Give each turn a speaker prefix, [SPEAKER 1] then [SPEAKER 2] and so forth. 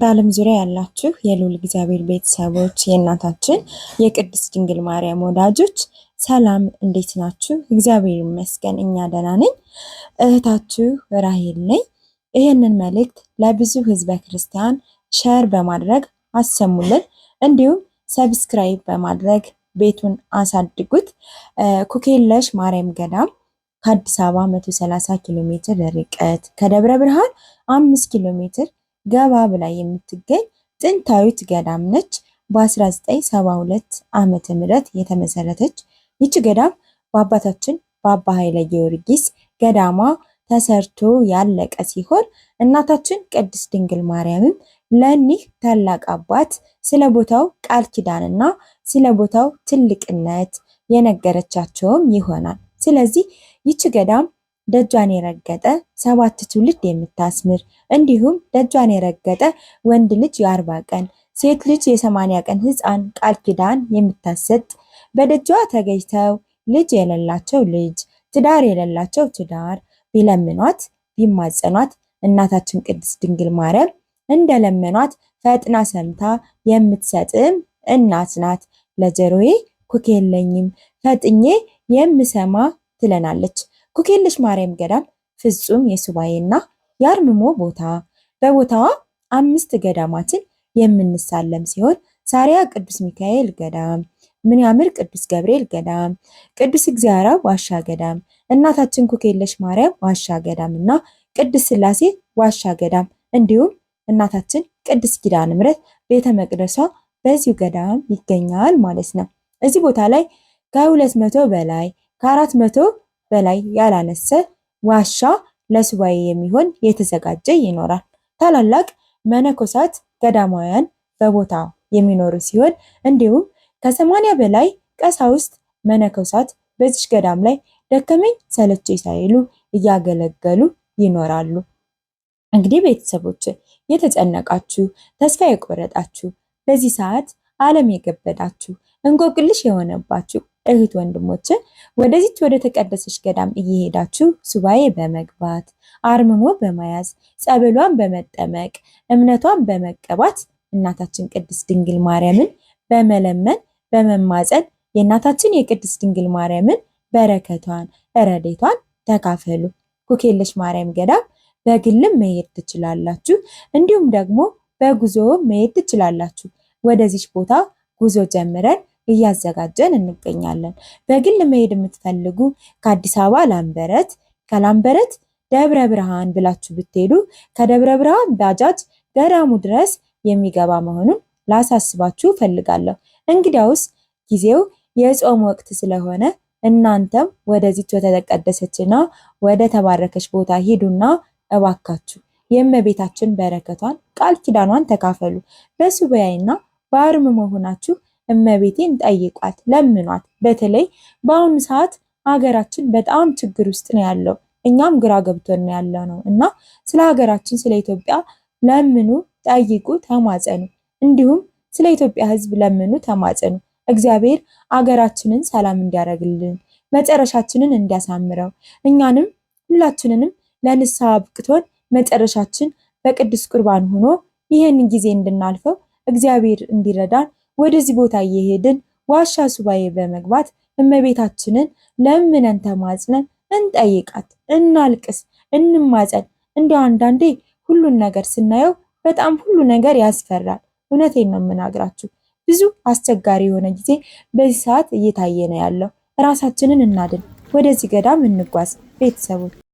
[SPEAKER 1] በዓለም ዙሪያ ያላችሁ የልዑል እግዚአብሔር ቤተሰቦች የእናታችን የቅድስት ድንግል ማርያም ወዳጆች ሰላም፣ እንዴት ናችሁ? እግዚአብሔር ይመስገን እኛ ደህና ነኝ። እህታችሁ ራሄል ነኝ። ይህንን መልእክት ለብዙ ህዝበ ክርስቲያን ሸር በማድረግ አሰሙልን፣ እንዲሁም ሰብስክራይብ በማድረግ ቤቱን አሳድጉት። ኩኬለሽ ማርያም ገዳም ከአዲስ አበባ 130 ኪሎ ሜትር ርቀት ከደብረ ብርሃን አምስት ኪሎ ሜትር ገባ ብላ የምትገኝ ጥንታዊት ገዳም ነች። በ1972 ዓመተ ምህረት የተመሰረተች ይቺ ገዳም በአባታችን በአባ ኃይለ ጊዮርጊስ ገዳማ ተሰርቶ ያለቀ ሲሆን እናታችን ቅድስት ድንግል ማርያምም ለኒህ ታላቅ አባት ስለ ቦታው ቃል ኪዳንና ስለ ቦታው ትልቅነት የነገረቻቸውም ይሆናል። ስለዚህ ይቺ ገዳም ደጇን የረገጠ ሰባት ትውልድ የምታስምር እንዲሁም ደጇን የረገጠ ወንድ ልጅ የአርባ ቀን ሴት ልጅ የሰማንያ ቀን ህፃን ቃል ኪዳን የምታሰጥ በደጇ ተገኝተው ልጅ የሌላቸው ልጅ፣ ትዳር የሌላቸው ትዳር ቢለምኗት ቢማጸኗት እናታችን ቅድስት ድንግል ማርያም እንደለመኗት ፈጥና ሰምታ የምትሰጥም እናት ናት። ለጆሮዬ ኩክ የለኝም ፈጥኜ የምሰማ ትለናለች። ኩኬልሽ ማርያም ገዳም ፍጹም የሱባኤና የአርምሞ ቦታ። በቦታዋ አምስት ገዳማትን የምንሳለም ሲሆን ሳሪያ ቅዱስ ሚካኤል ገዳም፣ ምንያምር ቅዱስ ገብርኤል ገዳም፣ ቅዱስ እግዚአራ ዋሻ ገዳም፣ እናታችን ኩኬለሽ ማርያም ዋሻ ገዳም እና ቅዱስ ስላሴ ዋሻ ገዳም እንዲሁም እናታችን ቅዱስ ኪዳነ ምሕረት ቤተ መቅደሷ በዚሁ ገዳም ይገኛል ማለት ነው። እዚህ ቦታ ላይ ከሁለት መቶ በላይ ከአራት መቶ በላይ ያላነሰ ዋሻ ለሱባዔ የሚሆን የተዘጋጀ ይኖራል። ታላላቅ መነኮሳት ገዳማውያን በቦታው የሚኖሩ ሲሆን እንዲሁም ከሰማንያ በላይ ቀሳውስት መነኮሳት በዚች ገዳም ላይ ደከመኝ ሰለቼ ሳይሉ እያገለገሉ ይኖራሉ። እንግዲህ ቤተሰቦች የተጨነቃችሁ፣ ተስፋ የቆረጣችሁ፣ በዚህ ሰዓት ዓለም የገበዳችሁ፣ እንቆቅልሽ የሆነባችሁ እህት ወንድሞች ወደዚች ወደ ተቀደሰች ገዳም እየሄዳችሁ ሱባኤ በመግባት አርምሞ በመያዝ ጸበሏን በመጠመቅ እምነቷን በመቀባት እናታችን ቅድስት ድንግል ማርያምን በመለመን በመማፀን የእናታችን የቅድስት ድንግል ማርያምን በረከቷን ረዴቷን ተካፈሉ። ኩኬለሽ ማርያም ገዳም በግልም መሄድ ትችላላችሁ፣ እንዲሁም ደግሞ በጉዞ መሄድ ትችላላችሁ። ወደዚች ቦታ ጉዞ ጀምረን እያዘጋጀን እንገኛለን። በግል መሄድ የምትፈልጉ ከአዲስ አበባ ላምበረት፣ ከላምበረት ደብረ ብርሃን ብላችሁ ብትሄዱ ከደብረ ብርሃን ባጃጅ ገዳሙ ድረስ የሚገባ መሆኑን ላሳስባችሁ ፈልጋለሁ። እንግዲያውስ ጊዜው የጾም ወቅት ስለሆነ እናንተም ወደዚች ወደተቀደሰችና ወደ ተባረከች ቦታ ሂዱና እባካችሁ የእመቤታችን በረከቷን ቃል ኪዳኗን ተካፈሉ። በሱባዔና በአርምሞ ሆናችሁ እመቤቴን ጠይቋት፣ ለምኗት። በተለይ በአሁኑ ሰዓት ሀገራችን በጣም ችግር ውስጥ ነው ያለው። እኛም ግራ ገብቶን ያለ ነው እና ስለ ሀገራችን ስለ ኢትዮጵያ ለምኑ፣ ጠይቁ፣ ተማጸኑ። እንዲሁም ስለ ኢትዮጵያ ሕዝብ ለምኑ፣ ተማጸኑ። እግዚአብሔር አገራችንን ሰላም እንዲያደርግልን መጨረሻችንን እንዲያሳምረው እኛንም ሁላችንንም ለንስሐ አብቅቶን መጨረሻችን በቅዱስ ቁርባን ሆኖ ይህን ጊዜ እንድናልፈው እግዚአብሔር እንዲረዳን ወደዚህ ቦታ እየሄድን ዋሻ ሱባኤ በመግባት እመቤታችንን ለምነን ተማጽነን እንጠይቃት፣ እናልቅስ፣ እንማጸን። እንዲያው አንዳንዴ ሁሉን ነገር ስናየው በጣም ሁሉ ነገር ያስፈራል። እውነቴን ነው የምናግራችሁ። ብዙ አስቸጋሪ የሆነ ጊዜ በዚህ ሰዓት እየታየ ነው ያለው። ራሳችንን እናድን። ወደዚህ ገዳም እንጓዝ ቤተሰቦች።